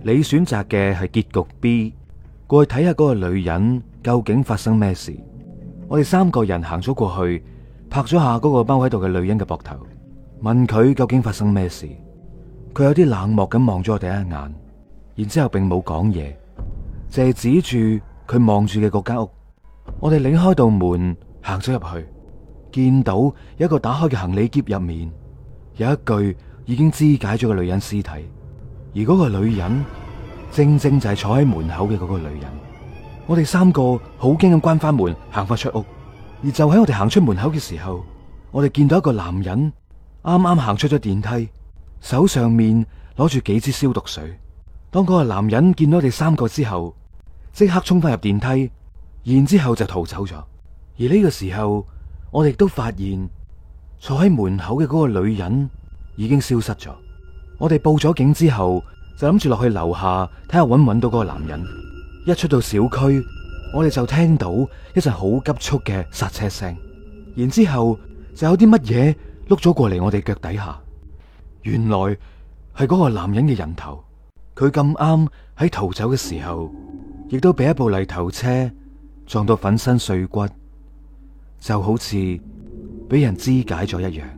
你選擇嘅係結局 B，過去睇下嗰個女人究竟發生咩事。我哋三個人行咗過去，拍咗下嗰個踎喺度嘅女人嘅膊頭，問佢究竟發生咩事。佢有啲冷漠咁望咗我第一眼，然之後並冇講嘢，淨係指住佢望住嘅嗰間屋。我哋擰開道門行咗入去，見到有一個打開嘅行李篋入面，有一具已經肢解咗嘅女人屍體。而嗰個女人正正就係坐喺門口嘅嗰個女人，我哋三個好驚咁關翻門行翻出屋，而就喺我哋行出門口嘅時候，我哋見到一個男人啱啱行出咗電梯，手上面攞住幾支消毒水。當嗰個男人見到我哋三個之後，即刻衝翻入電梯，然之後就逃走咗。而呢個時候，我哋都發現坐喺門口嘅嗰個女人已經消失咗。我哋報咗警之後，就諗住落去樓下睇下搵唔搵到嗰個男人。一出到小區，我哋就聽到一陣好急促嘅剎車聲，然之後就有啲乜嘢碌咗過嚟我哋腳底下。原來係嗰個男人嘅人頭，佢咁啱喺逃走嘅時候，亦都俾一部泥頭車撞到粉身碎骨，就好似俾人肢解咗一樣。